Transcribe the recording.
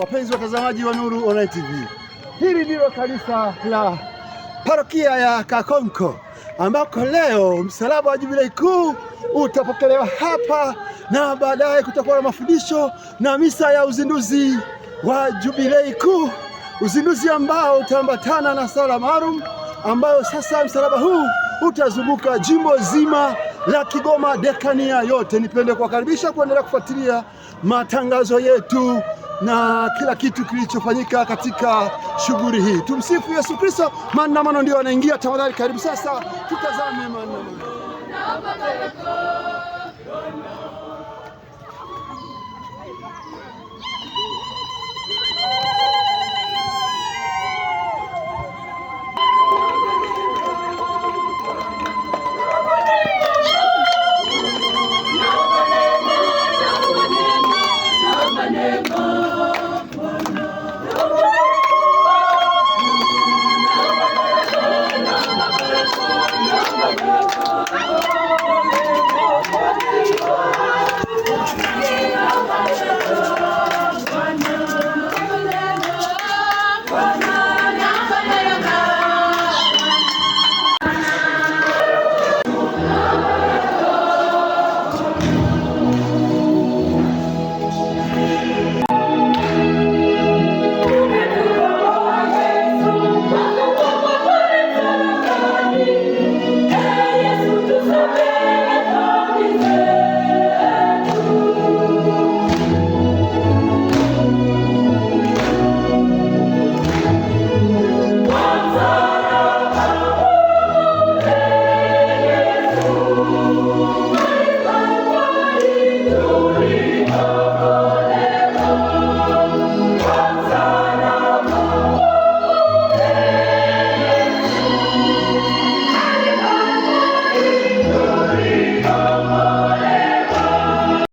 Wapenzi watazamaji wa Nuru Online TV, hili ndilo kanisa la parokia ya Kakonko ambako leo msalaba wa Jubilei kuu utapokelewa hapa na baadaye kutakuwa na mafundisho na misa ya uzinduzi wa Jubilei kuu, uzinduzi ambao utaambatana na sala maalum ambayo sasa msalaba huu utazunguka jimbo zima la Kigoma dekania yote. Nipende kuwakaribisha kuendelea kufuatilia matangazo yetu na kila kitu kilichofanyika katika shughuli hii. Tumsifu Yesu Kristo. Maandamano ndio yanaingia. Tafadhali karibu sasa tutazame maandamano. Father.